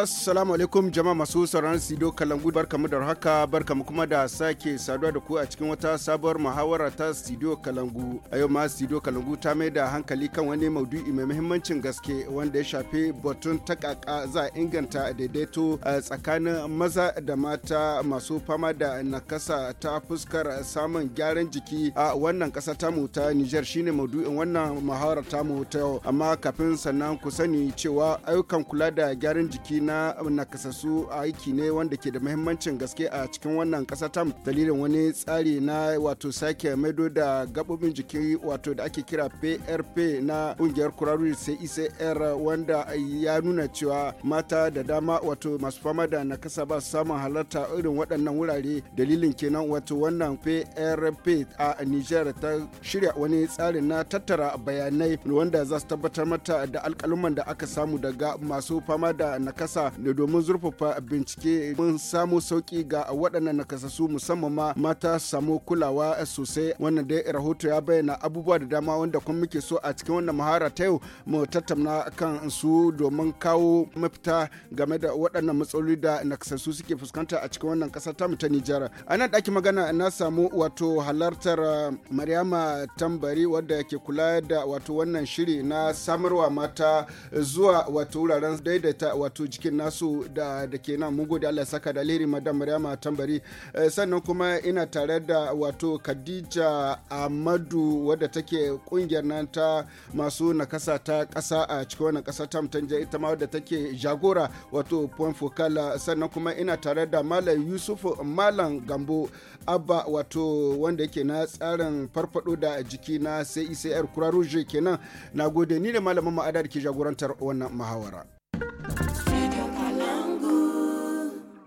Assalamu alaikum jama'a masu sauraron Sido Kalangu mu da haka mu kuma da sake saduwa da ku a cikin wata sabuwar muhawara ta Sido Kalangu. A yau ma Sido Kalangu ta mai da hankali kan wani maudu'i mai muhimmancin gaske wanda ya shafi batun takaka za inganta daidaito eh, tsakanin maza da mata masu fama da nakasa ta fuskar samun gyaran jiki a wannan kasa tamu ta niger shine maudu'in wannan muhawara tamu ta yau amma kafin sannan ku sani cewa ayyukan kula da gyaran jiki na nakasassu aiki ne wanda ke da mahimmancin gaske a cikin wannan kasa tam dalilin wani tsari na wato sake maido da gabobin jiki wato da ake kira PRP na ƙungiyar kuraruri CICR wanda ya nuna cewa mata da dama wato masu fama da nakasa ba samun halarta irin waɗannan wurare dalilin kenan wato wannan PRP a Niger ta shirya wani tsari na tattara bayanai wanda za su tabbatar mata da alƙaluman da aka samu daga masu fama da nakasa Kasa domin zurfafa bincike mun samu sauki ga waɗannan nakasassu musamman ma mata samu kulawa sosai wannan dai rahoto ya bayyana abubuwa da dama wanda kuma muke so a cikin wannan mahara ta yau mu tattauna kan su domin kawo mafita game da waɗannan matsaloli da nakasassu suke fuskanta a cikin wannan ƙasa ta mu ta Nijar. A nan ɗaki magana na samu wato halartar eh, Maryama Tambari wadda ke kula da wato wannan shiri na samarwa mata zuwa wato wuraren daidaita wato cikin nasu da da ke nan mun gode Allah saka da alheri madam Maryama Tambari eh, sannan kuma ina tare da wato Khadija Ahmadu wadda take kungiyar nan ta masu nakasa ta kasa a cikin wannan kasa ta mutanje ita ma wadda take jagora wato point focal sannan kuma ina tare da Malam Yusuf Malam Gambo Abba wato wanda yake na tsarin farfado da jiki na CICR e Kura Rouge kenan nagode ni da malamin ma'ada da ke jagorantar wannan muhawara.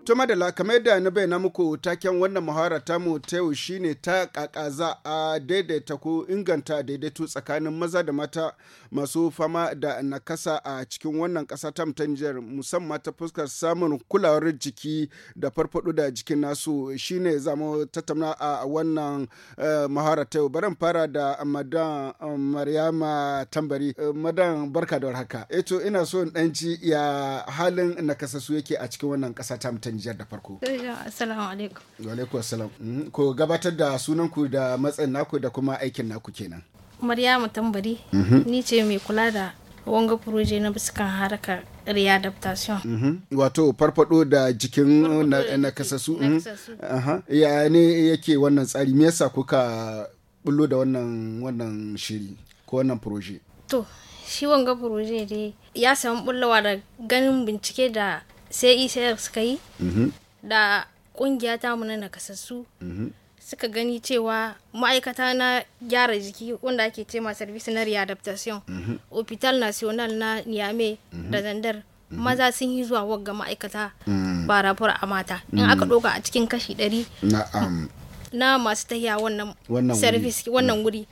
To madala kamar da na bayyana muku taken wannan muhawara mu ta yau shine ta kakaza a daidaita ko inganta daidaito tsakanin maza da mata masu fama da nakasa a cikin wannan kasa ta Nijar musamman ta fuskar samun kulawar jiki da farfado da jikin nasu shine zamu tattauna a wannan eh, muhawara ta yau. barin fara da madan eh, Maryama Tambari. Eh, madan barka da warhaka. Eto ina so in dan ya halin nakasa su yake a cikin wannan kasa ta Nijar da farko. Eh, assalamu alaikum. Wa alaikum assalam. Mm, ko gabatar da sunan ku da matsayin naku da kuma aikin naku kenan. Maryamu Tambari, mhm. ni ce mai kula da wanga furoje na biskan harkar adaptation. Mhm. Wato farfado da jikin na kasasu. Mhm. Ya ne yake wannan tsari me yasa kuka bullo da wannan wannan shiri ko wannan furoje? To, shi wanga furoje dai ya samu bullawa da ganin bincike da sai ecr suka yi mm-hmm. da kungiya ta mu na nakasassu mm-hmm. suka gani cewa ma'aikata na gyara jiki wanda ake ce ma service na readaptation mm-hmm. hospital national na niame da zandar maza sun yi zuwa wagga ma'aikata mm. ba a mata in mm. aka doka a cikin kashi ɗari na masu tahiya wannan service wannan wuri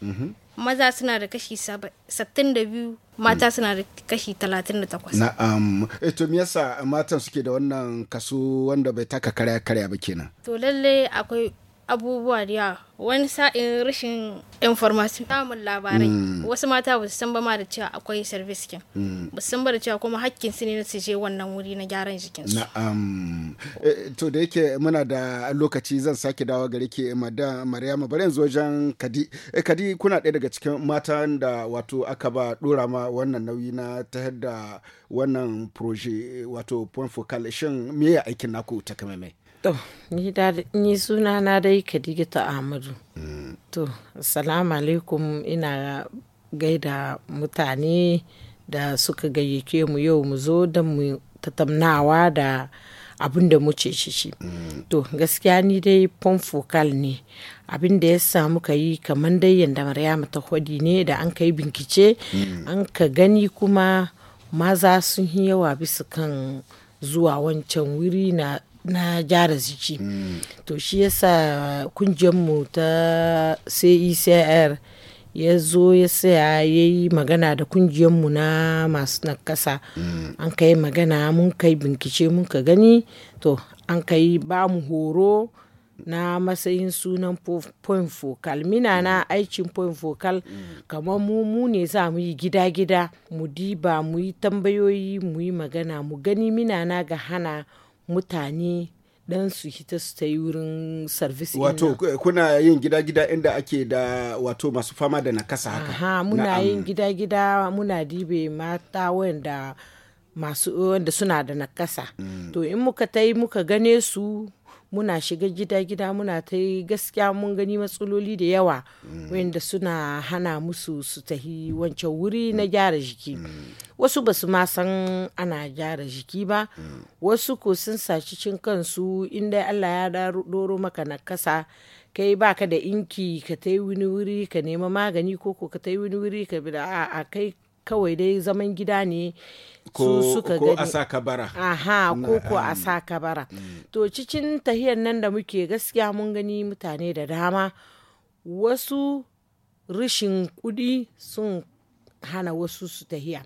maza suna da kashi 62 mata suna da kashi 38 na'am eh, to me yasa matan suke da wannan kaso wanda bai taka karya karya ba kenan to lalle akwai abubuwa da yawa wani sa'in rashin information samun labarai mm. wasu mata ba su san ba ma da cewa akwai service kin mm. ba su san ba da cewa kuma hakkin su ne su je wannan wuri na gyaran jikin su na'am eh, to da yake muna da lokaci zan sake dawo gare ke madam maryama bari yanzu wajen kadi eh, kadi kuna ɗaya daga cikin matan da wato aka ba dora ma wannan nauyi na ta yadda wannan proje wato point focal shin me ya aikin naku mai. To, ni suna na dai ta Ahmadu. To, salamu alaikum ina gaida mutane da suka gayyake mu yau mu zo don mu tatamnawa da abin da muce shi shi. To, gaskiya ni dai fonfokal ne. abin da ya samu ka yi kaman dai yadda Maryamu ta hodi ne da an ka yi binkice, an ka gani kuma maza sun yi yawa bisa kan zuwa wancan wuri na na jara zuci to shi yasa mu ta cecr ya zo ya saya ya yi magana da mu na masu nakasa an kai magana mun kai binkice mun ka gani to an kai ba mu horo na matsayin sunan point focal mina na aikin point focal kamar mu mu ne za mu yi gida-gida mu diba mu yi tambayoyi mu yi magana mu gani mina na ga hana mutane dan su hita su ta yi wurin service wato kuna yin gida-gida inda ake da wato masu fama da nakasa haka Aha, muna na, yin gida-gida muna dibe mata wanda masu wanda suna da nakasa mm. to in muka ta yi muka gane su muna shiga gida-gida muna ta gaskiya mun gani matsaloli da yawa mm. wanda suna hana musu su tahi wancan wuri mm. na gyara jiki mm. wasu ba su ma san ana gyara jiki ba wasu ko sun saci cin kansu inda allah ya doro maka na kasa kai baka da inki ka ta wani wuri ka nema magani ko ka ta wani wuri ka bi da a kai kawai dai zaman gida ne su suka gani ko a sa kabara aha ko ko a mm. sa kabara mm. to cikin tahiyar nan da muke gaskiya mun gani mutane da dama wasu rishin kudi sun hana wasu su tahiya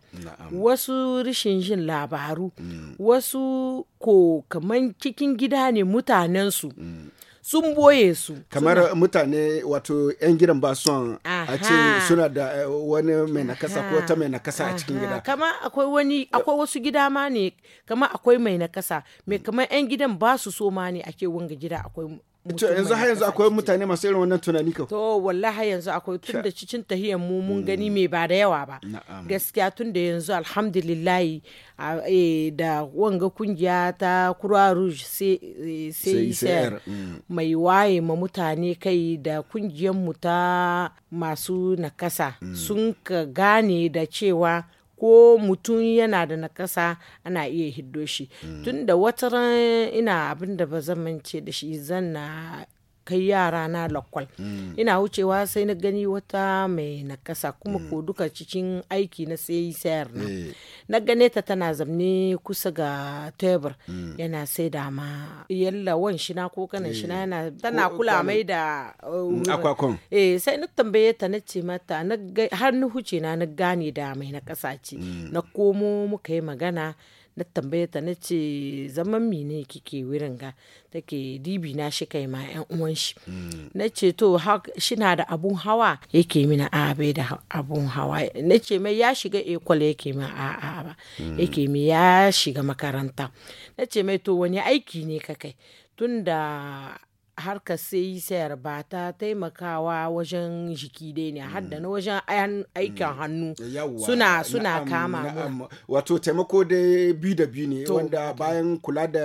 wasu rishin jin labaru mm. wasu ko kaman cikin gida ne mutanensu mm. sun boye su kamar mutane wato yan gidan ba son a ce suna da eh, wani mai nakasa ko ta mai nakasa a cikin gida kama akwai wani akwai wasu gida ma ne kama akwai mai nakasa mai kama yan gidan ba su so ma ne a wanga gida akwai to yanzu har yanzu akwai mutane masu irin wannan tunani kawai to wallahi yanzu akwai tun da cikin tahiyan mu mun mm. gani mai ba da yawa ba gaskiya tun da yanzu alhamdulillah eh, da wanga kungiya ta kura Rouge eh, sayar mm. mai waye ma mutane kai da kungiyar mu ta masu nakasa mm. sun ka gane da cewa ko mutum yana da nakasa ana iya hiddo shi mm. tunda wata ina abin ba zan mance da shi zan na kai yara na lokal mm. ina wucewa sai na gani wata mai nakasa kuma mm. ko duka cikin aiki na sai sayar na eh. na gane ta tana zamne kusa ga tebur mm. yana sai da ma Yalla wan shina ko kanan shina eh. yana tana kula mai da uh, akwakon eh sai na tambaye ta na ce mata har ni huce na na gane da mai nakasa ce na komo muka yi magana na tambaye ta na ce zaman mine kike wurin ga take dibi na shi kai ma yan uwan shi mm. na ce to na da abun hawa yake mina a bai da abun hawa na ce mai ya shiga ekol yake min a a ba mm. yake mi ya shiga makaranta na ce mai to wani aiki ne ka kai tunda harkar sai sayar ba ta taimakawa wajen jiki dai ne har da mm. na wajen aikin mm. hannu suna suna kama wato taimako dai bi da bi ne wanda bayan kula da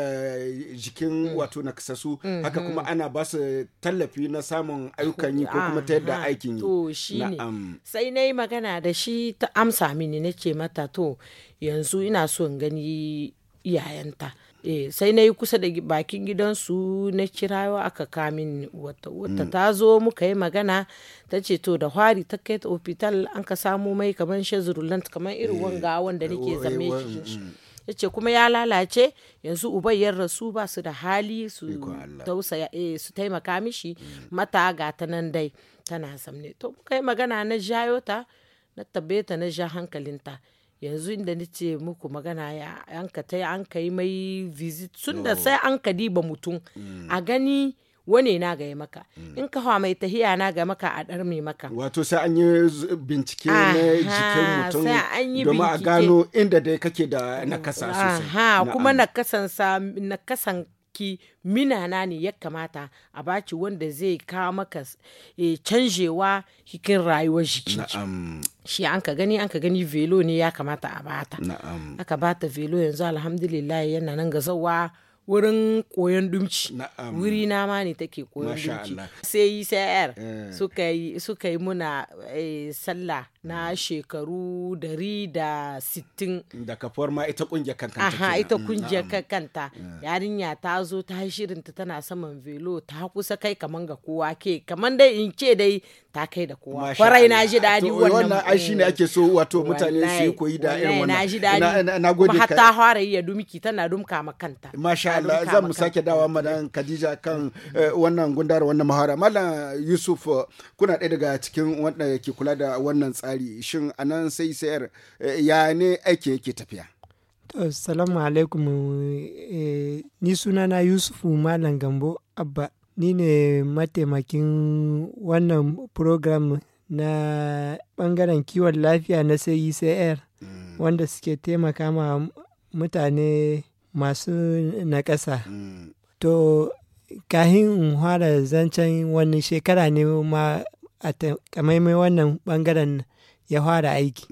jikin mm. wato kasasu mm-hmm. haka kuma ana ba su tallafi na samun ayyukan yi ko kuma ta yadda ah, aikin yi to ne sai na yi magana da shi ta amsa mini nake mata to yanzu ina so in gani iyayenta eh sai na yi kusa da bakin gidansu na kirawa aka kamin wata wata mm. ta zo muka yi magana ta ce to da hwari ta kai ta hospital an ka samo mai kamar shezurulant kamar irin eh, wanga wanda nake eh, zame shi mm. ya ce kuma ya lalace yanzu uban ya rasu ba su da hali su tausaya eh, su taimaka mishi mm. mata ga ta nan dai tana samne to muka yi magana na jayo ta na tabbeta na ja hankalinta yanzu inda ce muku magana ya an ka ta an ka yi mai visit sun da sai an ka diba mutum mm. a gani wane na gaya maka mm. in ka hawa mai tahiya na ga maka a dar mai maka wato sai an yi bincike na jikin mutum domin a gano inda dai kake da nakasa sosai kuma nakasan ki minana ne ya kamata a baci wanda zai kawo maka eh, canjewa cikin rayuwar jiki shi an ka gani an ka gani velo ne ya kamata a bata aka bata velo yanzu alhamdulillah yana nan gazawa wurin koyon dumci wuri na ma ne take koyon dumci sai yi sai yar eh. suka yi muna eh, sallah na mm. shekaru dari da sittin. daga kafuwar ma ita kungiyar kankanta. Aha ita kungiyar kankanta. Yarinya ta zo ta shirin ta tana saman velo ta kusa kai kaman ga kowa ke kaman dai in ce dai ta kai da kowa. Kwarai na ji daɗi eh, wannan. Wannan ai shine ake so eh, wato mutane su yi koyi da irin wannan. Na ji dadi Na gode ka. Hatta fara ya dumiki tana dumka ma kanta. Masha Allah zan mu sake dawa madan Khadija kan eh, wannan gundar wannan mahara. mallam Yusuf kuna ɗaya daga cikin wanda yake kula da wannan tsari. tsari shin nan sai sayar eh, ya ne ake yake tafiya assalamu alaikum eh, ni sunana Yusuf malam gambo abba ni ne mataimakin wannan program na bangaren kiwon lafiya na CICR mm. wanda suke taimaka ma mutane masu naƙasa. Mm. To, kahin in fara zancen wani shekara ne ma a takamaimai wannan bangaren ya fara aiki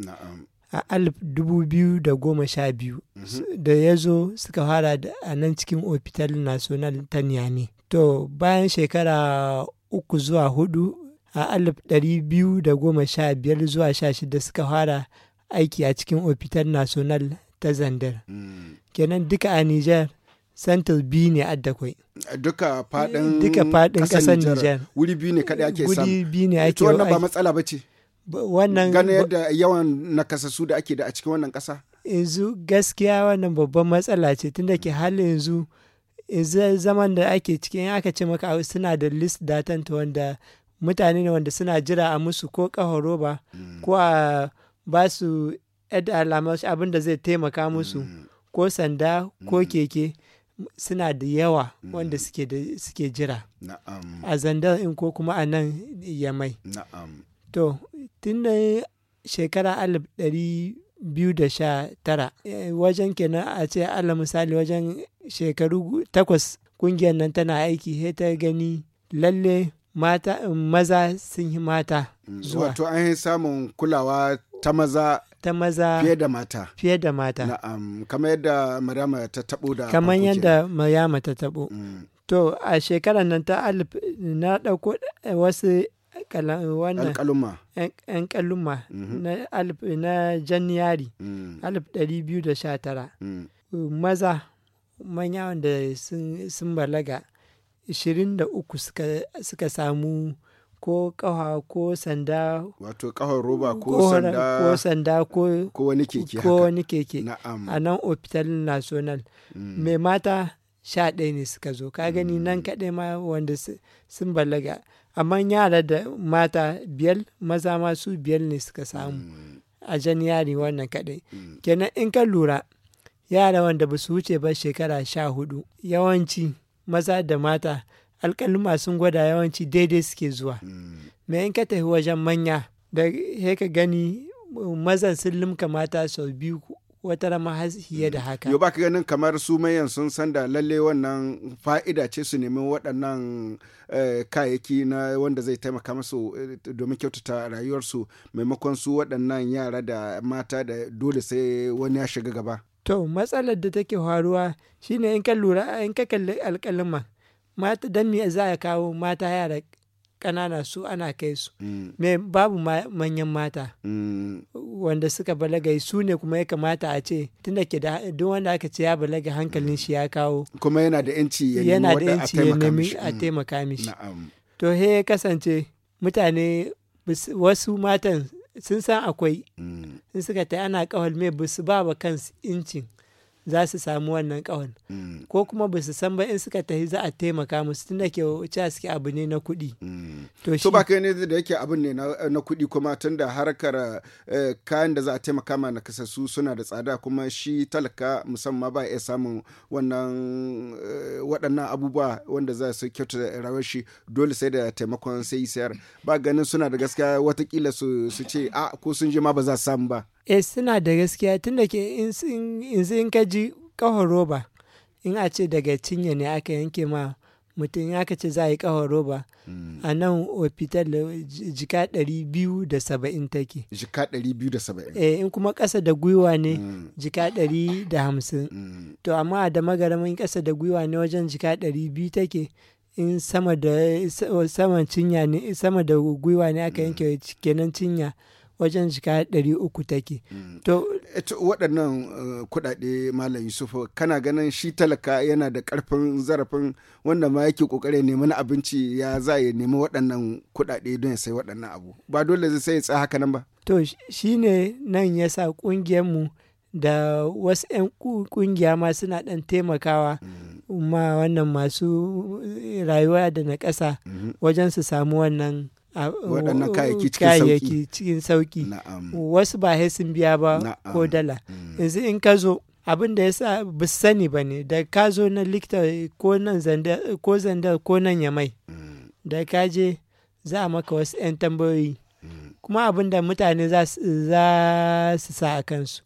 a alif dubu biyu da goma sha biyu mhm. da ya zo suka fara a nan cikin opital national ta niyame to bayan shekara uku zuwa hudu a alif dari biyu da goma sha biyar zuwa sha shida suka fara aiki a cikin opital national ta zandar mm. kenan duka a niger central biyu ne addakwai duka duka fadin kasar Nijar wuri biyu ne kadai ake samu wuri biyu ne eh, ake wannan ba matsala ba ce. wannan ganin yadda yawan nakasassu da ake da a cikin wannan ƙasa yanzu gaskiya wannan babban matsala ce tunda ke hali yanzu zaman da ake cikin aka ce maka suna da list datan ta wanda mutane ne wanda suna jira a musu ko ƙaho roba mm. ko a ba su yadda alamar abin da zai taimaka musu mm. ko sanda ko mm. keke suna da yawa wanda suke jira a zandar in ko kuma a nan yamai To, tun da shekara alif ɗari biyu da sha tara eh, wajen kenan a ce allah misali wajen shekaru takwas kungiyar nan tana aiki sai ta gani lalle mata maza sun yi mata mm, zuwa to an yi samun kulawa ta maza ta maza fiye da mata fiye da mata na'am kamar yadda maryama ta tabo da kamar yadda maryama ta tabo mm. to a shekarar nan ta alif na dauko wasu yan ƙaluma mhm. na alif na mm. alif ɗari biyu da sha tara mm. maza manya wanda sun balaga ishirin da uku suka samu ko kawa ko sanda wato kawar roba ko sanda ko sanda ko wani keke ko wani keke a nan hospital national mm. mai mata sha ɗaya ne suka zo ka gani nan kaɗai ma wanda sun balaga amma yara da mata biyar maza masu biyar ne suka samu a jan yari wannan kaɗai kenan in ka lura yara wanda ba su wuce ba shekara sha hudu yawanci maza da mata alƙaluma sun gwada yawanci daidai suke zuwa me in ka tafi wajen manya da he ka gani mazan sun limka mata sau biyu wata rama har da mm. haka. Yau ba ganin kamar su mayan sun san da lalle wannan fa'ida ce su nemi waɗannan eh, kayayyaki na wanda zai taimaka musu eh, domin kyautata rayuwarsu maimakon su waɗannan yara da mata da dole sai wani ya shiga gaba. To matsalar da take faruwa shine in ka lura in ka kalli alƙalima mata dan me za a kawo mata yara ƙanana su ana kai su mm. me babu manyan mata mm. wanda suka balaga su ne kuma ya kamata a ce tunda da duk wanda aka ce ya balaga hankalin shi ya kawo kuma yana da yanci ya nemi a mm. taimaka mishi to he ya kasance mutane wasu matan sun san akwai in suka ta ana kawal mai bisu ba wa kansu incin za su samu wannan kawan mm. ko kuma ba su san ba in suka tafi za a taimaka musu tunda ke wuce suke abu ne na kuɗi. Mm. to shi ba kai ne da yake abin ne na kuɗi kuma tunda harkar eh, kayan da za a taimaka ma na su, suna da tsada kuma shi talaka musamman ba ya samun wannan eh, waɗannan abubuwa wanda za su kyauta rawar shi dole sai da taimakon sai sayar ba ganin suna da gaskiya watakila su ce a ko sun je ma ba za su samu ba. Eh, suna da gaskiya tun da ke in ka ji kawar roba in a ce daga cinye ne aka yanke ma mutum ya ka ce za a yi kawar roba mm. a nan da jika 270 take jika 270 eh in kuma kasa da gwiwa ne mm. jika 150 mm. to amma a da magaramin kasa da gwiwa ne wajen jika 200 take in sama da sama cinya ne sama da gwiwa ne aka yanke kenan cinya wajen jika ɗari uku take. Mm. To waɗannan eh, kuɗaɗe Malam Yusufu kana ganin shi talaka yana da ƙarfin zarafin wanda ma yake ƙoƙarin neman abinci ya za ya nemi waɗannan kuɗaɗe don ya sai waɗannan abu ba dole zai sai ya haka nan ba. To shi ne nan ya sa ƙungiyarmu da wasu 'yan ƙungiya ma suna ɗan taimakawa. Mm. ma wannan masu rayuwa da na ƙasa mm-hmm. wajen su samu wannan waɗannan uh, kayayyaki cikin sauki wasu ba sai sun biya ba ko dala mm. yanzu in ka zo abin da ya sa ba sani ba ne da ka zo na likita ko nan zandar ko nan ya mai mm. da ka je za a maka wasu 'yan tambayoyi mm. kuma abin da mutane za su sa a kansu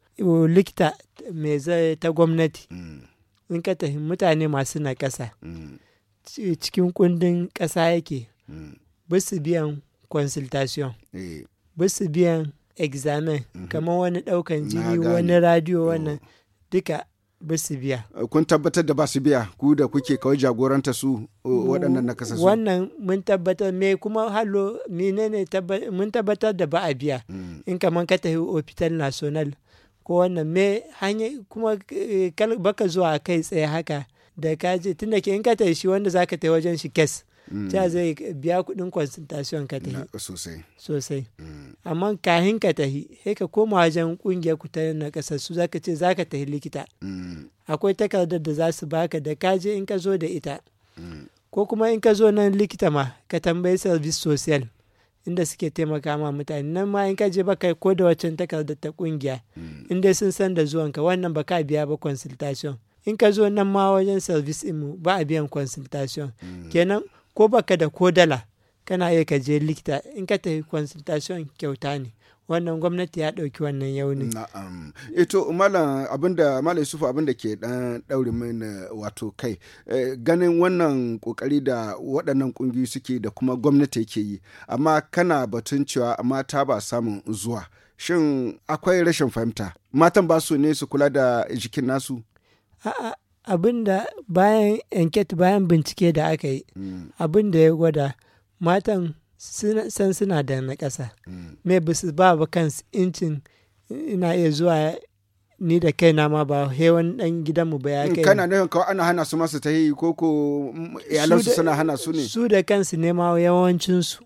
likita mai ta gwamnati in ka tafi mutane masu na ƙasa cikin kundin ƙasa yake ba biyan consultation eh. ba biyan examen mhm. kamar wani daukan jini wani radio wannan duka ba biya eh, kun tabbatar da basu biya ku da kuke kawai jagoranta su waɗannan nakasa wannan mun tabbatar me kuma hallo menene mun tabbatar da ba a biya mm. in kamar ka tafi hospital national ko wannan me hanya kuma eh, baka zuwa kai tsaye haka da ka je tunda ke in ka tafi shi wanda zaka tafi wajen shi kes ta mm. zai biya kuɗin concentration ka tahi sosai sosai mm. amma kahin ka tahi sai ka koma wajen ƙungiyar ku ta na ƙasar su zaka ce zaka tahi likita mm. akwai takardar da za su baka da kaje in ka zo da ita ko kuma in ka zo nan likita ma ka tambayi service social inda suke taimaka ma mutane nan ma in ka je baka ko da waccan takardar ta kungiya in sun san da zuwanka wannan ba ka biya ba consultation in ka zo nan ma wajen service mu ba a biyan consultation kenan ko baka da ko dala kana iya ka je likita in ka tafi consultation kyauta ne wannan gwamnati ya ɗauki wannan yaunin. Na'am. Ito eh malam abinda malam abinda ke dan ɗaure mana eh, wato kai eh, ganin wannan kokari da waɗannan ƙungiyoyi suke da kuma gwamnati ke yi amma kana batun cewa mata ba samun zuwa shin akwai rashin fahimta matan ba su ne su kula da jikin nasu. A'a abin da bayan enquete bayan bincike da aka yi mm. abin da ya gwada matan san suna da na ƙasa mai mm. bisu ba ba kan incin ina iya zuwa ni da na ma ba hewan dan gidanmu ba ya mm, kai kana ne kawai ana hana su masu ta yi ko ko iyalansu suna hana su ne su da kansu ne ma yawancinsu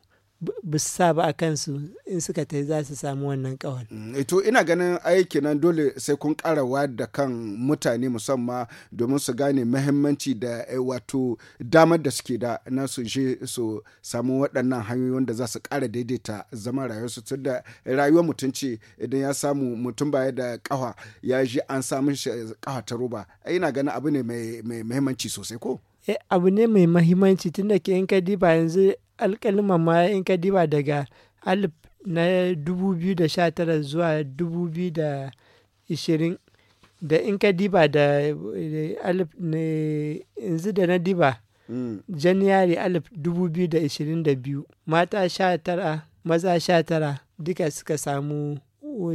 ba sa ba a kansu in suka ta za su samu wannan kawal. Mm, eh, to ina ganin aiki nan dole sai kun karawa da kan mutane musamman domin su gane mahimmanci da eh, wato damar da suke da na su je su samu waɗannan hanyoyin da za su ƙara daidaita zama rayuwarsu tun da rayuwar mutum idan ya samu mutum baya da kawa ya ji an samu shi kawa ta roba ina ganin abu ne mai mahimmanci sosai ko. Eh, abu ne mai mahimmanci tunda ke in ka diba yanzu alƙalman ma in ka diba daga alif na 2019 zuwa 2020 da in ka diba da alif ne yanzu da na diba mm. janairu alif 2022 mata sha tara maza sha tara duka suka samu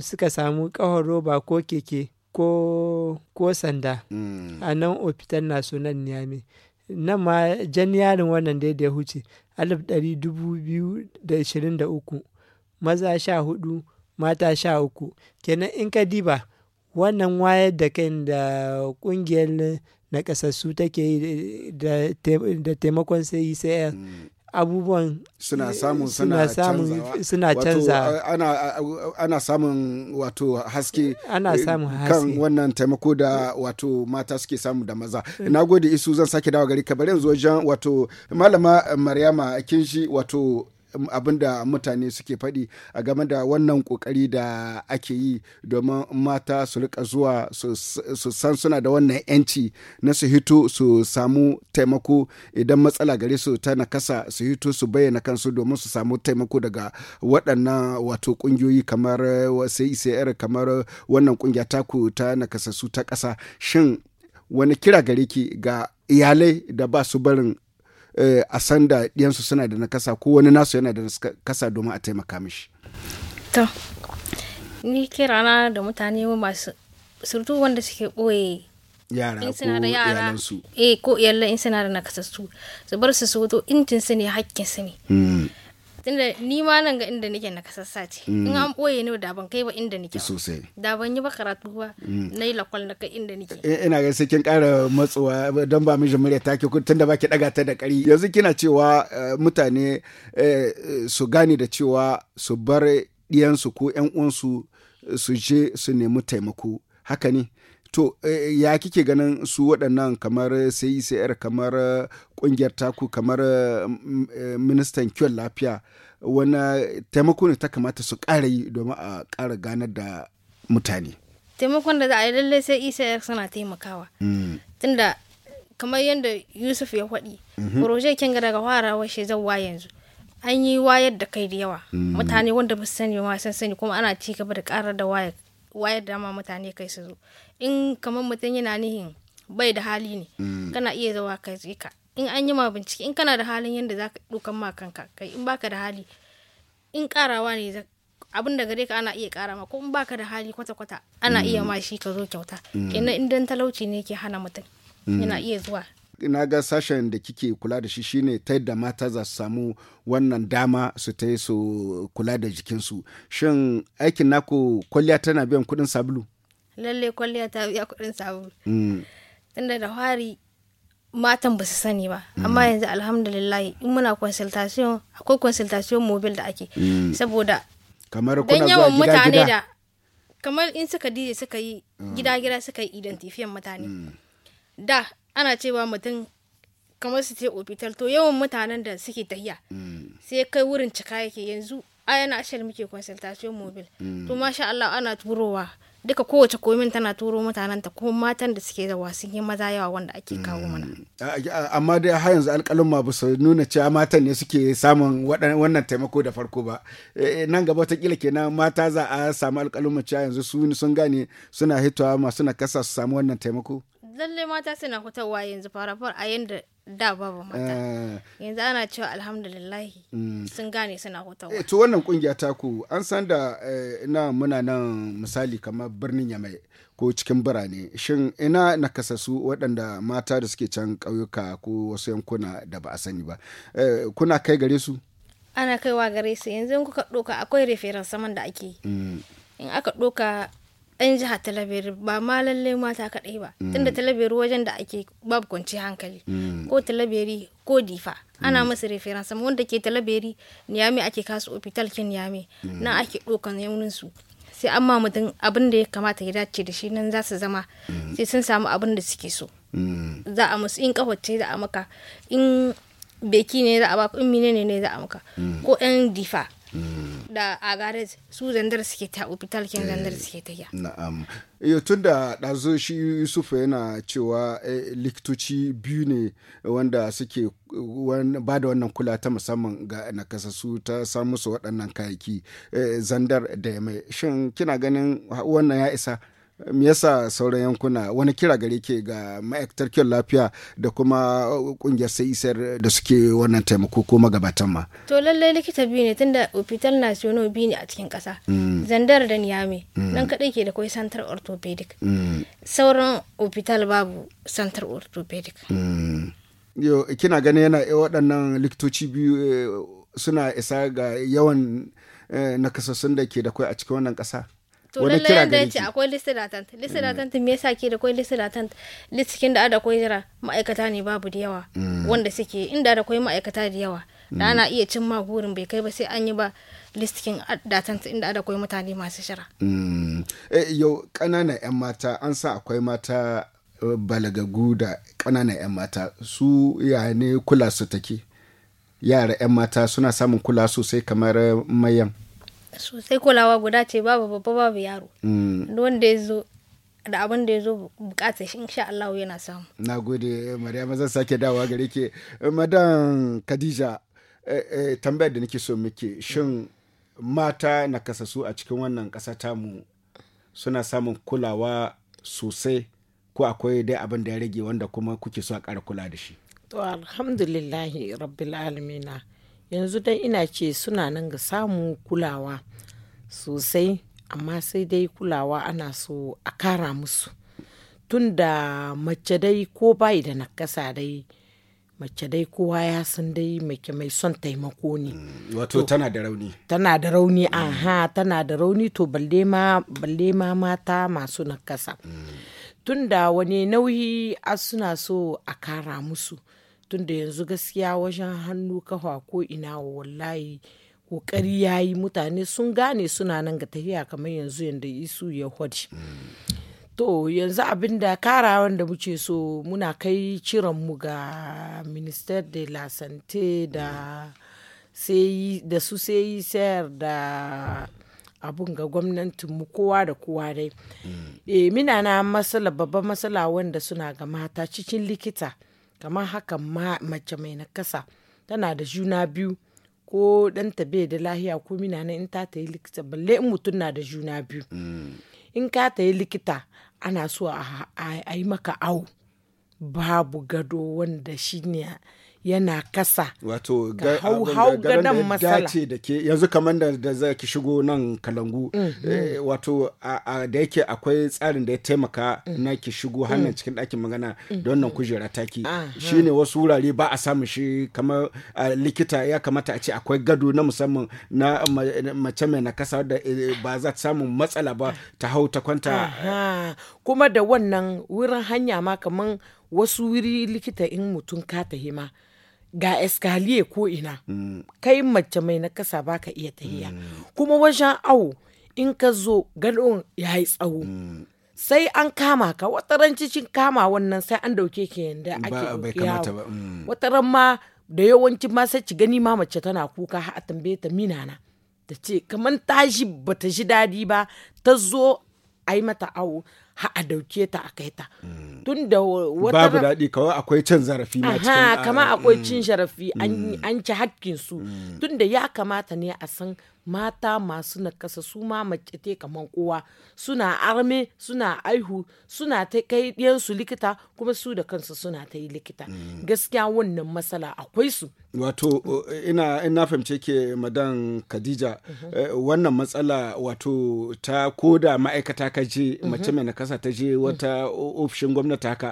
suka samu kawar roba ko keke ko sanda mm. a nan ofitan nan niamey nan ma jan yarin wannan da ya huce alif ɗari dubu biyu da ishirin da uku maza sha hudu mata sha uku kenan in ka diba wannan wayar da kai da ƙungiyar nakasassu take yi da taimakon sai sai e abubuwan suna samun suna samun suna canza ana ana samun wato haske ana eh, samun haske kan wannan taimako da wato mata suke samu da maza mm. na gode isu zan sake dawo gari ka bari yanzu wajen wato malama maryama kinshi wato abin da mutane suke faɗi a game da wannan ƙoƙari da ake yi domin mata su rika zuwa su san suna da wannan 'yanci na su hito su samu taimako idan matsala gare su ta nakasa su hito su bayyana kansu domin su samu taimako daga waɗannan wato ƙungiyoyi kamar CICR e kamar wannan ƙungiya taku ta nakasassu ta ƙasa shin wani kira gare ki ga iyalai da ba su barin Eh, a sanda ɗiyansu suna da nakasa ko wani nasu yana da nakasa domin a taimaka mishi to ni kirana da mutane masu surtu wanda suke ɓoye yara ko iyalansu eh ko iyalan in suna da nakasassu su bar su su wato intin su ne hakkin su ne hmm. tunda ni ma nan ga inda nake kasassa ce in mm. an boye ni da ban kai ba inda nake sosai da ban yi ba karatu ba mm. na yi lakwal na kai inda nake eh, ina ga sai kin kara matsuwa don ba mijin murya take tunda baki daga ta da kari yanzu kina cewa eh, mutane eh, su gane da cewa su bar diyan su ko yan uwansu su je su nemi taimako haka ne to eh, ya kike ganin su waɗannan kamar sai e kamar eh, ƙungiyar taku kamar eh, ministan kiwon lafiya wani taimako ne ta kamata su ƙara yi domin a ƙara ganar da mutane taimakon da za a yi lallai sai isa e suna taimakawa mm. tunda kamar yadda yusuf ya faɗi mm-hmm. proje kin ga daga farawar washe zauwa yanzu an yi wayar da kai da yawa mm-hmm. mutane wanda ba su sani ma sun sani kuma ana ci gaba da karar da wayar da ma mutane kai su zo in kamar mutum yana nihin bai da hali ne mm. kana iya zawa ka je ka in an yi ma bincike in kana da halin yadda za ka ɗaukan ma kanka kai in baka da hali in karawa ne abin da gare ka ana iya kara ma ko in baka da hali kwata-kwata ana iya mm. ma shi ka zo kyauta mm. kenan in talauci ne ke hana mutum yana iya zuwa na ga sashen da kike kula da shi shine ta yadda mata za su samu wannan dama su ta su kula da jikinsu shin aikin naku kwalliya tana biyan kuɗin sabulu lalle kwalliya ta biya kuɗin sabulu mm. tunda da fari matan ba su sani ba amma mm. yanzu alhamdulillah in muna consultation akwai consultation mobile da ake mm. saboda kamar kuna zuwa mutane da kamar in suka dije suka yi gida gida suka yi identifiyan mutane da ana cewa mutum kamar su ce opital to yawan mutanen da suke tahiya sai kai wurin cika yake yanzu a yana ashal muke consultation mobile to masha Allah ana turowa duka kowace komin tana turo mutanen ta kuma matan da suke da wasu yi maza yawa wanda ake kawo mana mm. amma dai har yanzu alƙalin ma su nuna cewa matan ne suke samun wannan taimako da farko ba eh, eh, nan gaba ta watakila kenan mata za a samu alƙalin cewa yanzu sun gane suna hitowa masu nakasa su samu wannan taimako lallai mata suna fitowa yanzu farafar a yanda da babu mata eh. yanzu ana cewa alhamdulillahi mm. sun gane suna hutawa eh, to wannan kungiya ku an san da eh, na muna nan misali kamar birnin yamai ko cikin birane shin ina nakasassu waɗanda mata da suke can ƙauyuka ko wasu yankuna da ba a sani ba kuna kai gare su ana kaiwa gare su yanzu kuka ɗoka akwai referan saman da ake mm. in aka ɗoka 'yan jihar talabiri ba ma lalle mata kaɗai ba mm. tunda talabiri wajen da ake babu kwanci hankali mm. ko talabiri ko difa ana masa mm. referansa wanda ke talabiri niyami ake kasu opital kin niyami nan ake ɗokan yaunin su sai an ma mutum abin da ya kamata ya dace da shi nan za su zama sai sun samu abin da suke so za a musu in kawace za a maka in beki ne za a in menene ne za a maka ko 'yan difa da a garage su zandar suke ta ke zandar eh, suke ta ya na'am yo eh, tun da ɗazu shi yusuf yana cewa eh, likitoci biyu ne wanda suke ba da wannan kula ta musamman ga nakasassu ta samu su waɗannan kayaki zandar da mai shin kina ganin wannan ya isa me yasa sauran yankuna wani kira gare ke ga ma'aikatar kiwon lafiya da kuma kungiyar uh, e sai isar da suke wannan taimako ko magabatan ma to lallai likita biyu ne tunda hospital national biyu ne a cikin kasa mm. zandar da niyame mm. nan kadai ke da kwai santar orthopedic mm. sauran hospital babu santar orthopedic yo kina ganin yana eh, waɗannan likitoci biyu eh, suna isa ga yawan eh, nakasassun da ke da kai a cikin wannan kasa to wani kira gare ce akwai list latent list mm. latent me yasa ke da akwai list latent list cikin da ada akwai jira ma'aikata ne babu da yawa mm. wanda suke inda da akwai ma'aikata da yawa mm. da ana iya cin ma gurin bai kai ba sai an yi ba listikin datant inda ada akwai mutane masu shira. Eh, yau ƙananan 'yan mata an sa akwai mata eh, balagagu da ƙananan 'yan mata su ya ne kula su take yara 'yan mata suna samun kula sosai kamar eh, mayan sosai kulawa guda ce babu babba babu yaro mm. wanda ya zo da abin da ya zo bukatar shi insha Allah yana samu na gode maryama zan sake dawowa gare ke eh, madan khadija eh, eh, tambayar da nake so muke shin mata na kasasu a cikin wannan ta tamu suna samun kulawa sosai ko akwai dai abin da ya rage wanda kuma kuke so a kara kula da shi to alhamdulillah rabbil alamina yanzu dai ina ce suna nan ga samun kulawa sosai amma sai dai kulawa ana so a kara musu tun da mace dai ko bayi da nakasa dai mace dai kowa ya san dai mace mai son taimako ne mm, wato tana da rauni tana da rauni mm. aha tana da rauni to balle ma mata masu nakasa mm. tun da wani nauyi suna so a kara musu tunda yanzu gaskiya wajen hannu kafa ko ina wallahi kokari ya yi mutane sun gane suna nan ga tafiya kamar yanzu yadda isu ya hodi to yanzu abin da karawan da muke so muna kai ciranmu ga minister de la sante da da su sai sayar da abun ga gwamnatinmu kowa da kowa dai mm. e, eh, mina na masala babban masala wanda suna ga mata cikin likita kamar haka mace mai nakasa tana da juna biyu ko ɗanta bai da lahiya ko mina na in ta ta yi likita balle in mutum na da juna biyu mm. in ka ta yi likita ana so a yi maka awo babu gado wanda shi ne yana kasa wato ga hau gadon masala yanzu kaman da za ki shigo nan kalangu mhm. eh, wato da yake akwai tsarin da ya taimaka mm. na ki shigo hannun mm. cikin dakin magana mm. don nan kujera taki shine wasu wurare ba a samu shi kamar likita ya kamata a ce akwai gado na musamman na mace mai nakasa da eh, ba za ta samu matsala ba ta hau ta kwanta kuma da wannan wurin hanya ma kaman wasu wuri likita in mutum ka tahima ga eskaliye ko ina mm. kai mace mai nakasa baka iya tahiya mm. kuma wajen awo in ka zo gadon ya yi tsawo mm. sai an kama ka wataran cikin kama wannan sai an dauke ki yanda ake yawo wataran ma da yawanci ma sai ci gani ma mace tana kuka a tambaye ta minana ta ce kamar ta ji bata ji dadi ba ta zo a yi mata awo ha a dauke ta a kai ta mm. tun da wata babu daɗi kawai akwai cin zarafi ma cikin kama ah, akwai mm. cin zarafi mm. an ci hakkin su tun da ya kamata ne a san mata masu nakasa su ma mace te kaman kowa suna arme suna aihu suna ta kai ɗiyansu likita kuma su da kansu suna ta yi likita mm. gaskiya wannan matsala akwai su wato eh, ina ina fahimce ke madan khadija mhm. eh, wannan matsala wato ta koda ma'aikata ka je mhm. mace mai nakasa ta je mhm. wata ofishin gwamnati haka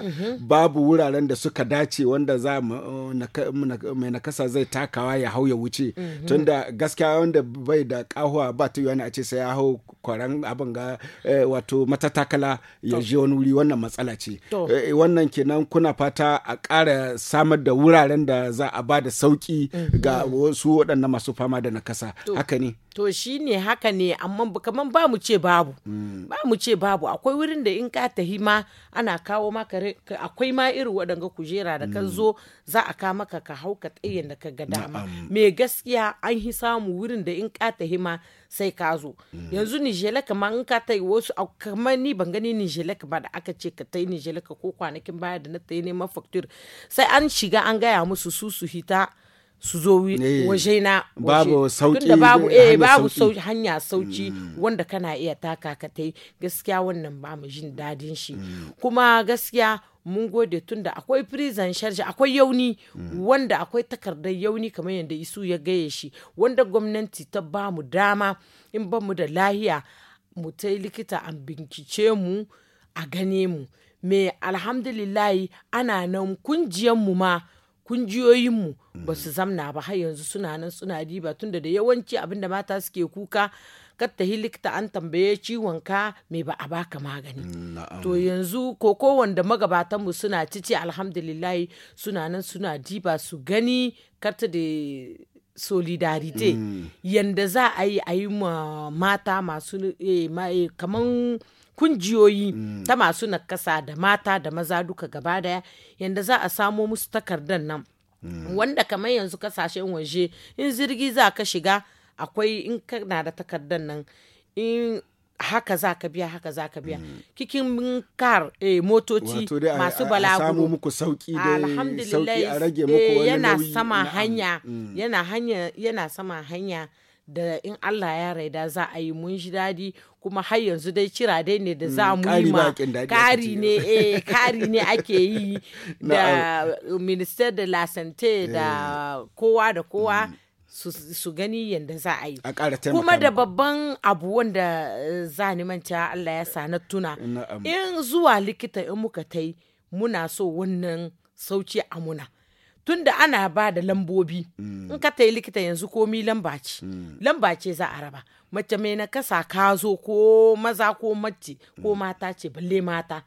babu wuraren da suka dace wanda za eh, mai nakasa zai takawa ya hau ya wuce tunda gaskiya wanda bai bai da kahuwa ba ta yiwa a ce sai ya hau kwaran abin ga eh, wato matatakala ya je wani wuri wannan matsala ce eh, wannan kenan kuna fata a ƙara samar da wuraren da za a ba da sauki mm. ga wasu waɗannan masu fama da nakasa haka ne to shi ne haka ne amma kamar ba mu ce babu mm. ba mu ce babu akwai wurin da in ka tahi ma ana kawo maka akwai ma irin waɗanga kujera da kan mm. zo za a ka maka ka hau ka tsayin da ka ga dama me gaskiya an yi samu wurin da in ka tahi ma sai ka zo mm. yanzu nijela kamar in ka tai wasu kamar ni ban gani nijela ba da aka ce ka tai nijela ko kwanakin baya da na tai neman facture sai an shiga an gaya musu su su hita su zo eh, waje na babu sauki tunda babu eh babu sauki hanya sauki mm. wanda kana iya taka ka tai gaskiya wannan ba mu jin dadin shi mm. kuma gaskiya mun gode tunda akwai prison sharja akwai yauni mm. wanda akwai takardar yauni kamar yadda isu ya gaye shi wanda gwamnati ta ba mu dama in ba mu da lahiya mu ta likita an bincike mu a gane mu me alhamdulillahi ana nan kungiyar mu ma kungiyoyinmu mm. ba su zamna ba har yanzu suna nan suna riba tunda da yawanci abin da mata suke kuka katta hilikta an tambaye ciwon ka me ba a baka magani to yanzu ko kowanda magabatanmu suna cice alhamdulillahi suna nan suna diba su gani karta da solidarite mm. yanda za a yi a yi mata masu eh, eh, kamar kungiyoyi mm. ta masu nakasa da mata da maza duka gaba daya yadda za a samo musu takardar nan mm. wanda kamar yanzu kasashen waje in zirgi za ka shiga akwai in kana da takardar nan in haka za ka biya haka za ka biya mm. kikin kar e, motoci masu balaguro muku sauki alhamdulillah eh, yana sama hanya mm. yana hanya yana sama hanya da in Allah ya raida za a yi mun ji daɗi kuma har yanzu dai kira dai ne da za mm, mu yi ma kari ne eh kari ne ake yi da minister de la santé da eh. kowa da kowa mm. su gani yadda za a yi kuma da babban abu wanda eh, za ni manta Allah ya sa na tuna in zuwa likita in muka tai muna so wannan sauci a muna. tunda ana ba da lambobi mm. in ka ta yi likita yanzu komi lamba ce mm. lamba ce za a raba mace mai na kasa ka zo ko maza ko mace ko mm. mata ce balle mata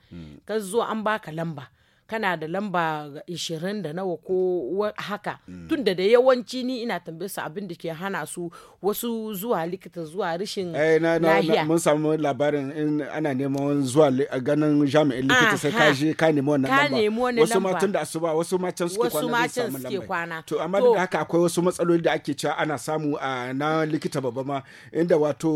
ka zo an baka lamba kana da lamba 20 da nawa ko haka mm. tun tunda da yawanci ni ina tambaye su abin da ke hana su wasu zuwa likita zuwa rashin eh, lahiya mun samu labarin in ana neman zuwa ganin jami'in likita sai ka je ka nemi wannan lamba wasu ma tun da asuba wasu ma can suke kwana wasu ma suke kwana to amma da haka akwai wasu matsaloli da ake cewa ana samu a na likita babba ma inda wato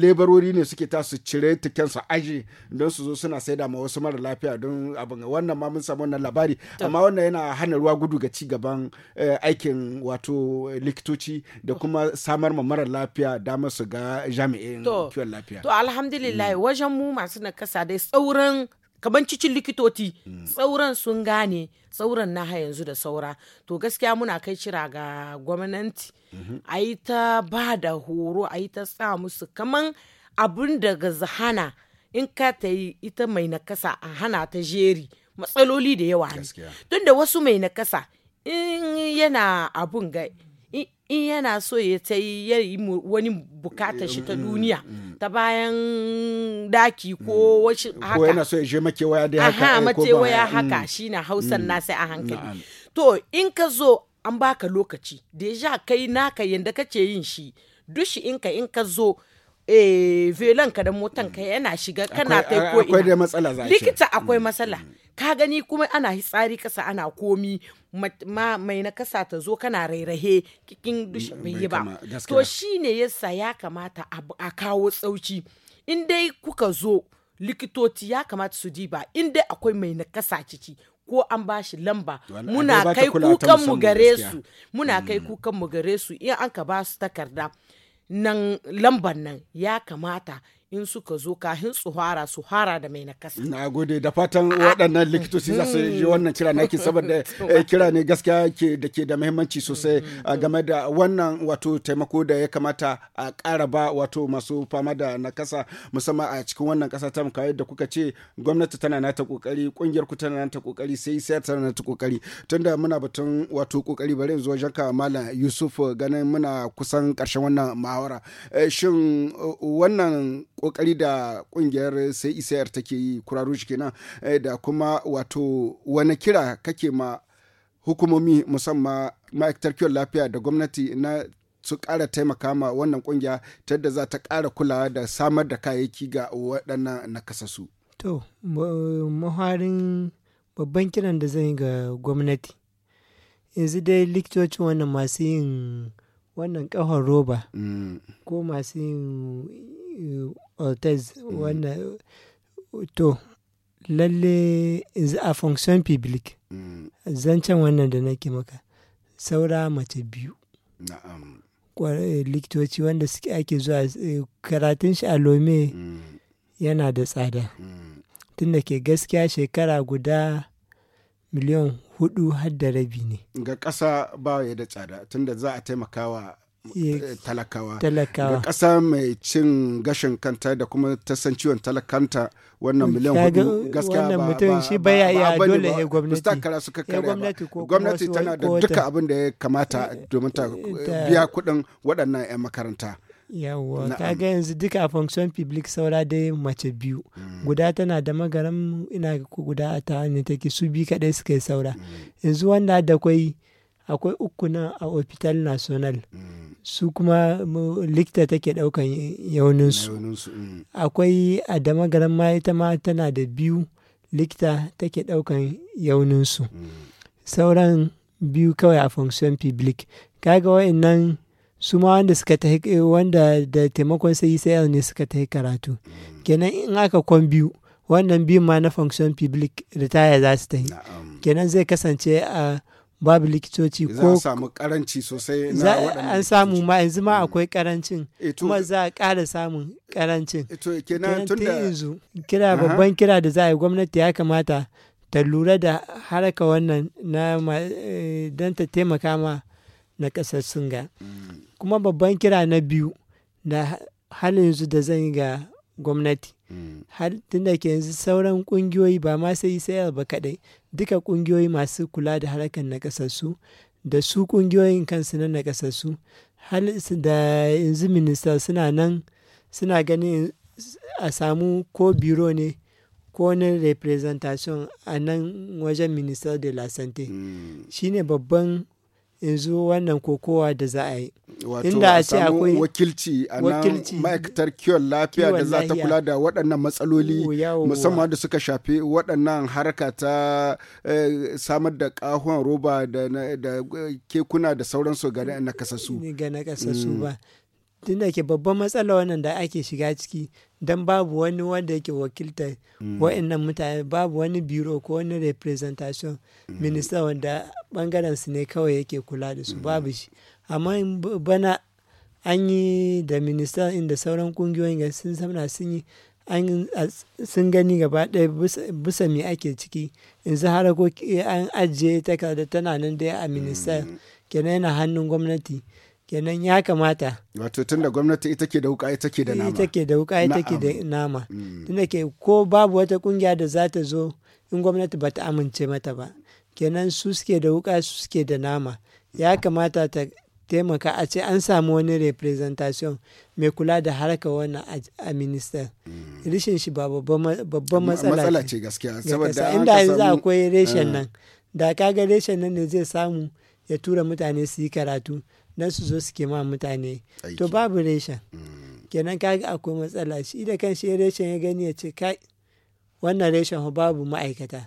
lebarori ne suke ta su cire tiken su aji don su zo suna saida ma wasu mara lafiya don abin wannan ma mun samu wannan labari amma wannan yana hana ruwa gudu ga ci gaban eh, aikin wato eh, likitoci da kuma samar ma mara lafiya damar su ga jami'in kiwon lafiya to alhamdulillah mm. wajen mu masu nakasa dai tsauran kaman cikin likitoci tsauran mm. sun gane tsauran na ha yanzu da saura to gaskiya muna kai cira ga gwamnati mm-hmm. a yi ta ba da horo a yi ta sa musu kaman abun daga zahana in ka ta yi ita mai nakasa a hana ta jeri matsaloli da yawa ne don da wasu mai nakasa in yana abun ga in yana so ya ta yi wani bukatar shi ta mm, mm, duniya mm. ta bayan daki ko wasu haka ko yana so ya je makewaya dai haka aha eh, makewaya haka shine hausan na sai a hankali to in ka zo an baka lokaci deja kai naka yanda kace yin shi dushi in ka in ka zo eh velan ka da motan ka yana shiga kana kai ko ina akwai matsala zai likita akwai mm. matsala ka gani kuma ana hitsari kasa ana komi mai na kasa ta zo kana rairahe kikin dushi mm, bai yi ba to shine yasa ya kamata a kawo tsauci in dai kuka zo likitoci ya kamata su diba in dai akwai mai na kasa ciki ko an ba shi lamba muna kai kukan mu gare su muna kai mm. kukan mu gare su in an ka ba su takarda nan lamban nan ya kamata in suka zo kahin su hara su hara da mai nakasa. Na gode da fatan waɗannan likitoci za su yi wannan kira naki saboda eh, kira ne gaskiya ke da ke da muhimmanci sosai mm-hmm. game da wannan wato taimako da ya kamata a ƙara ba wato masu fama da nakasa musamman a cikin wannan ƙasa ta muka yadda kuka ce gwamnati tana ta ƙoƙari ƙungiyar ku tana ta ƙoƙari sai sai tana ta ƙoƙari tunda muna batun wato ƙoƙari bari zuwa jaka malam Yusuf ganin muna kusan ƙarshen wannan mahawara eh, shin eh, wannan kokari da kungiyar sai isayar take yi kurarushi kenan eh, da kuma wato wani kira kake ma hukumomi musamman ma'aikatar kiwon lafiya da gwamnati na su kara taimaka ma wannan kungiya ta yadda za ta kara kulawa da samar da kayayyaki ga waɗannan nakasasu. To, muharin babban kiran da zan yi ga gwamnati. Yanzu dai likitocin wannan masu yin wannan ƙahon roba mm. ko masu yin eh, ortez mm. wannan to lalle a function public mm. zancen wannan da nake maka saura mace biyu eh, likitoci wanda suke ake zuwa eh, karatun shi a lome yana da tsada tunda ke gaskiya shekara guda miliyan hudu har da rabi ne ga ƙasa ba ya da tsada tunda za a taimakawa eh, talakawa ga ƙasa mai cin gashin kanta da kuma ta san ciwon talakanta wannan mm, miliyan hudu gaskiya ba mutum shi ba. ya dole ya gwamnati ta gwamnati tana da duka abin da ya kamata eh, eh, domin ta biya kuɗin waɗannan 'yan makaranta yawwa ga yanzu duka a function public saura dai mace biyu mm. guda tana da magaran ina ku guda a ta ne take su bi kadai suka yi saura mm. yanzu wanda da kwai akwai uku na a hospital national mm. su kuma likita take daukan yauninsu akwai a da magaran ma ita ma tana da biyu likita take daukan yauninsu sauran biyu kawai a function public kaga wa'annan su ma wanda suka tafi wanda da taimakon sai sai ne suka tafi karatu kenan in aka kwan biyu wannan biyun ma na function public retire za su tafi kenan zai kasance a babu likitoci ko Za samu karanci sosai na an samu ma yanzu ma mm. akwai karancin eh, kuma za a ƙara samun karancin eh, kenan tun yanzu kira babban kira da za a yi gwamnati ya kamata ta lura da haraka wannan na eh, don ta taimaka ma na ƙasar sun ga mm. kuma babban kira na biyu da halin yanzu da zan yi ga gwamnati mm. har tun ke yanzu sauran kungiyoyi ba ma sai sayar ba kadai duka kungiyoyi masu kula da harkar kasarsu da su kungiyoyin kansu na nakasassu har da yanzu minista suna nan suna ganin a samu ko biro ne ko na representation a nan wajen minista de la sante mm. shine babban in zo wannan kokowa da za a yi inda a ce akwai wakilci a nan ma'aikatar kiwon lafiya da za ta kula da waɗannan matsaloli musamman da suka shafi waɗannan harka ta eh, samar da ƙahon roba da, eh, kekuna da sauransu ga nakasassu ga nakasassu ba mm. tun da ke babban matsala wannan da ake shiga ciki don babu wani wanda yake wakilta mm. wa'annan mutane babu wani biro ko wani representation mm. minista wanda bangaren su ne kawai yake kula da su mm. babu shi amma bana an yi da minista inda sauran kungiyoyin sun samuna sun yi sun gani gaba ɗaya bisa me ake ciki In yanzu ko an ajiye takarda tana nan dai a minista kenan yana hannun gwamnati kenan ya kamata wato tun da gwamnati ita ke da wuka ita ke da eh, nama ita ke da wuka ita ke da nama mm. da ke ko babu wata kungiya da za ta zo in gwamnati ba ta amince mata ba kenan su suke da wuka su suke da nama ya kamata ta taimaka a ce an samu wani representation mai kula da harka wannan a minister mm. rishin shi ba babban matsala ce gaskiya saboda inda yanzu akwai reshen eh. nan da kaga reshen nan ne zai samu ya tura mutane su yi karatu don su zo suke ma mutane to babu reshen mm. kenan kaga akwai matsala shi da kan shi reshen ya gani ya ce kai wannan reshen babu ma'aikata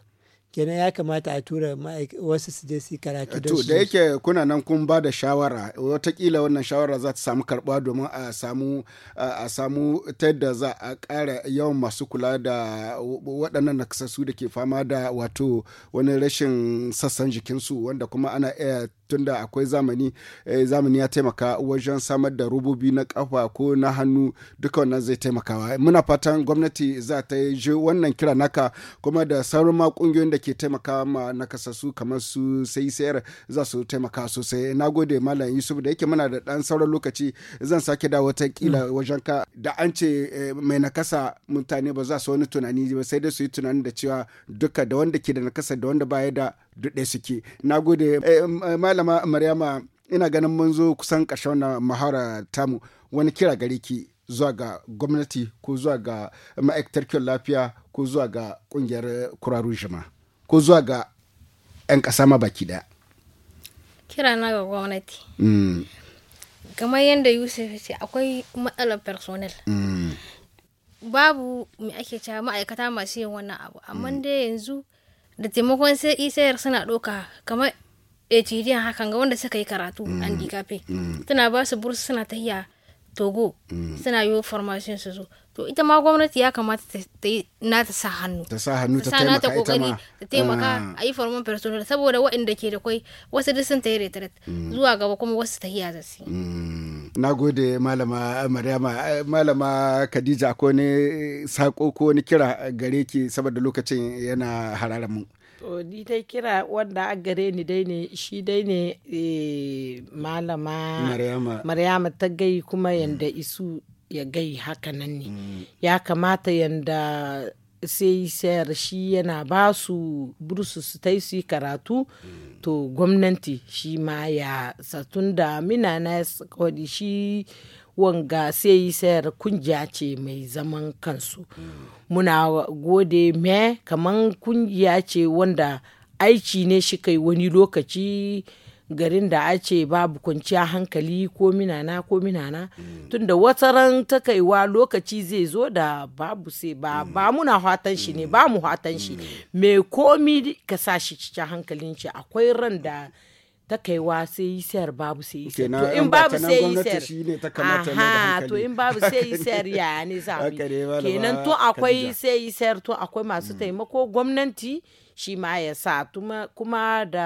kenan ya kamata a tura wasu su je su karatu da da yake kuna nan kun ba da shawara watakila wannan shawara za ta samu karba domin a samu a samu ta yadda za a ƙara yawan masu kula da waɗannan nakasassu da ke fama da wato wani rashin sassan jikinsu wanda kuma ana iya tunda akwai zamani eh, zamani ya taimaka wajen samar da robobi na kafa ko na hannu duka wannan zai taimakawa muna fatan gwamnati za ta je wannan kira naka kuma da sauran ma kungiyoyin da ke taimaka ma nakasassu kamar su sai sayar za su taimaka sosai na gode malam yusuf da yake muna da dan sauran lokaci zan sake dawo ta kila mm. wajen ka da an ce eh, mai nakasa mutane ba za su wani tunani ba sai dai su yi tunani da cewa duka da wanda ke da nakasa da wanda baya da duk ɗaya suke na gode eh, eh, malama maryama ina ganin mun zo kusan ƙarshen wannan mahara tamu wani kira gare ki zuwa ga gwamnati ko zuwa ga ma'aikatar kiwon lafiya ko zuwa ga ƙungiyar kuraru eh, jima ko zuwa ga 'yan ƙasa ma baki ɗaya kira na ga gwamnati mm. kamar yadda yusuf ce akwai matsalar personal mm. babu mai ake cewa ma'aikata masu yin wannan abu amma mm. dai yanzu da taimakon sai isayar suna ɗauka kamar ejiriyan hakan ga wanda suka yi karatu mm. kafe tana mm. ba su bursu suna tahiya togo mm. suna yi farmashin su zo to ita ma gwamnati ya kamata ta yi ta sa hannu ta sa hannu ta taimaka ta ma ta taimaka ah. a yi farman personal saboda waɗanda ke da kwai wasu duk sun tayi retret mm. zuwa gaba kuma wasu ta hiya zasi mm. na gode malama maryama eh, malama khadija ko ne sako ko ni kira gare ki saboda lokacin yana harara mu to ni dai kira wanda a gare ni dai ne shi dai ne eh, malama maryama ta gai kuma yanda mm. isu ya gai hakanan ne mm. ya kamata yanda sai sayar shi yana ba su bursu su ta su yi karatu mm. to gwamnati shi ma ya satun da mina na ya shi wanga sai sayar kungiya ce mai zaman kansu mm. muna gode me kaman kungiya ce wanda aiki ne shi kai wani lokaci garin da ce babu kwanciya hankali ko minana ko minana tunda wata ran ta kaiwa lokaci zai zo da babu sai ba ba muna fatan shi ne ba mu fatan shi me komi ka sa shi cikin hankalin shi akwai ran da ta kaiwa sai yi sayar babu sai yi sayar to in babu sai yi sayar aha to in babu sai yi sayar ya ne za kenan to akwai sai yi sayar to akwai masu mm. taimako gwamnati shi ma ya sa kuma da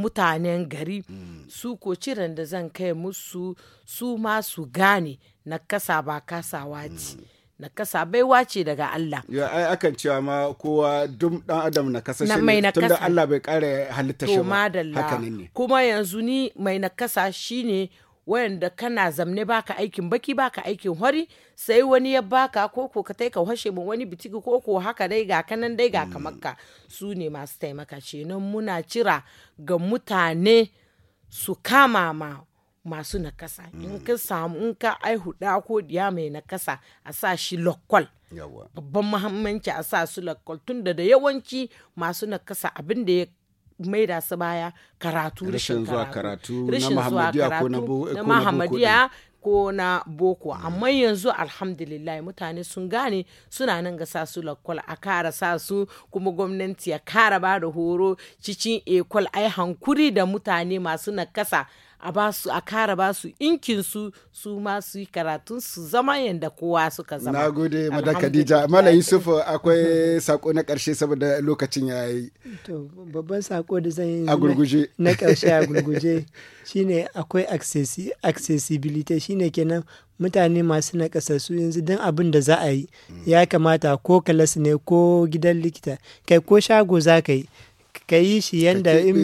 mutanen gari mm. su ko ciran da zan kai musu su ma su gane na kasa ba kasa ce mm. na kasa bai wace daga Allah. Ya ai akan cewa ma kowa dum dan adam na kasa shi ne tunda Allah bai kare halitta shi ba. Haka ne. Kuma yanzu ni mai na kasa shine wayanda kana zamne baka aikin baki baka aikin hori sai wani ya baka ko ko ka ka hashe mu wani bitigi ko ko haka dai ga kanan dai ga kamakka su ne masu taimaka ce nan muna cira ga mutane su kama ma masu nakasa in ka samu in ka aihu da ko diya mai nakasa a sa shi lokwal babban muhammanci a sa su lokwal tunda da yawanci masu nakasa abin da ya maida su baya karatu rashin zuwa karatu na mahamadiya ko na boko amma yanzu alhamdulillah mutane sun gane suna nan ga sa su lakwal a kara sa su kuma gwamnati ya kara ba da horo cikin ekol ai hankuri da mutane masu nakasa a ba su a kara ba su inkin su su ma su yi karatun su zama yanda kowa suka zama na gode madan khadija mala yusuf akwai sako na karshe saboda lokacin ya yi to babban sako da zan yi a gurguje na karshe a gurguje shine akwai accessibility shine kenan mutane masu na su yanzu don abin da za a yi ya kamata ko kalas ne ko gidan likita kai ko shago za ka yi ka yi shi yanda in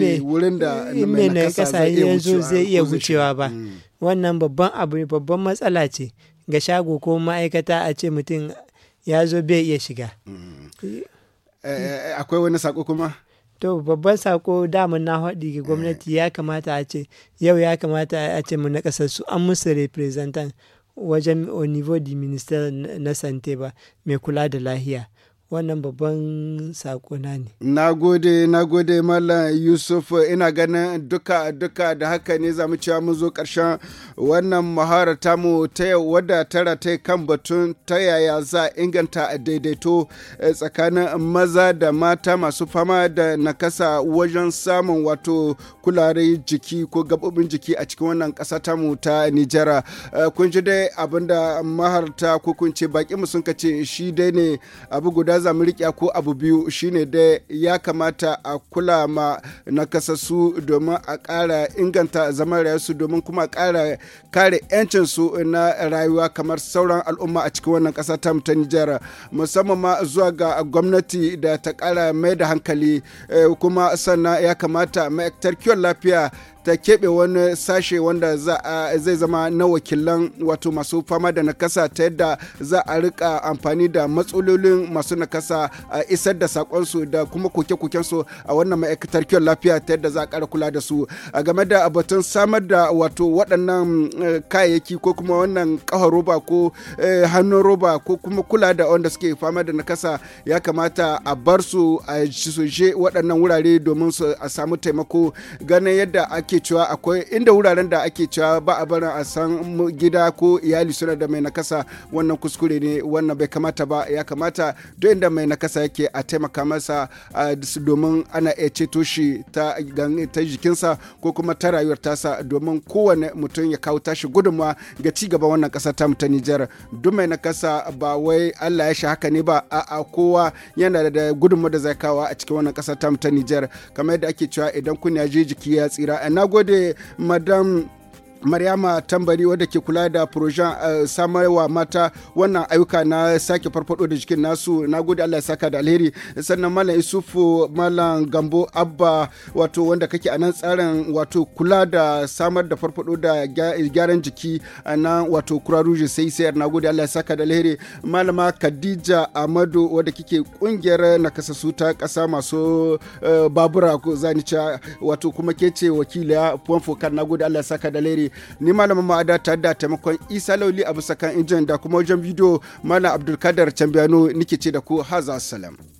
mai na kasa yanzu zai iya wucewa ba mm. wannan babban abu babban matsala ce ga shago ko ma'aikata a ce mutum ya zo bai iya shiga mm. eh, eh, eh, akwai wani sako kuma to babban sako damun na haɗi ga gwamnati ya kamata a ce yau ya kamata a ce mu na ƙasar su an musu representant wajen au niveau du ministère na sante ba mai kula da lahiya wannan babban sakona ne. Na gode, na gode Malam Yusuf ina ganin duka duka da haka ne za mu cewa mun zo ƙarshen wannan muhara mu ta yau wadda tara ta kan batun ta yaya za inganta daidaito eh, tsakanin maza da mata masu fama da nakasa wajen samun wato kulare jiki ko gabobin jiki a cikin wannan ƙasa mu ta Nijara. Eh, kun ji dai abinda maharta ko kun ce baƙi mu sun kace shi dai ne abu guda guda zamu riƙe ko abu biyu shine da ya kamata a kula ma nakasassu domin a ƙara inganta zaman rayuwarsu domin kuma a ƙara kare 'yancinsu na rayuwa kamar sauran al'umma a cikin wannan ƙasa ta ta Nijar musamman ma zuwa ga gwamnati da ta ƙara mai da hankali eh, kuma sannan ya kamata ma'aikatar kiwon lafiya ta keɓe wani sashe wanda zai zama na wakilan wato masu fama da nakasa ta yadda za a rika amfani da matsalolin masu nakasa a isar da sakonsu da kuma koke-kokensu a wannan ma'aikatar kyau lafiya ta yadda za a kara kula da su a game da batun samar da wato waɗannan eh, kayayyaki ko kuma wannan ƙahon roba ko eh, hannun roba ko kuma kula da wanda suke fama da nakasa ya kamata a bar su a waɗannan wurare domin su a samu taimako ganin yadda ake ake cewa akwai inda wuraren da ake cewa ba a barin a san gida ko iyali suna da mai nakasa wannan kuskure ne wannan bai kamata ba ya kamata duk inda mai nakasa yake a taimaka masa domin ana iya ceto shi ta jikinsa ko kuma ta rayuwar tasa domin kowane mutum ya kawo tashi gudunmawa ga ci gaba wannan kasa ta ta Nijar duk mai nakasa ba wai Allah ya shi haka ne ba a kowa yana da gudunmawa da zai kawo a cikin wannan kasa ta ta Nijar kamar yadda ake cewa idan kun ya je jiki ya tsira gode madam Maryama Tambari wadda ke kula da projan uh, eh, samarwa mata wannan ayyuka na sake farfado da jikin nasu na gode Allah saka da alheri sannan Malam Isufu Malam Gambo Abba wato wanda kake a nan tsarin wato kula da samar da farfado da gyaran jiki a eh, nan wato Kura Rouge sai sayar na gode Allah saka da alheri Malama Khadija Amadu wadda kike kungiyar nakasassu ta kasa masu eh, babura ko zani wato kuma kece ce wakila Puan Fokan na gode Allah saka da alheri ni ni malamin ma'ada tare da taimakon isa lauli a bisa kan injin da kuma wajen bidiyo malam abdulkadar cambiano nike ce da ku haza salam.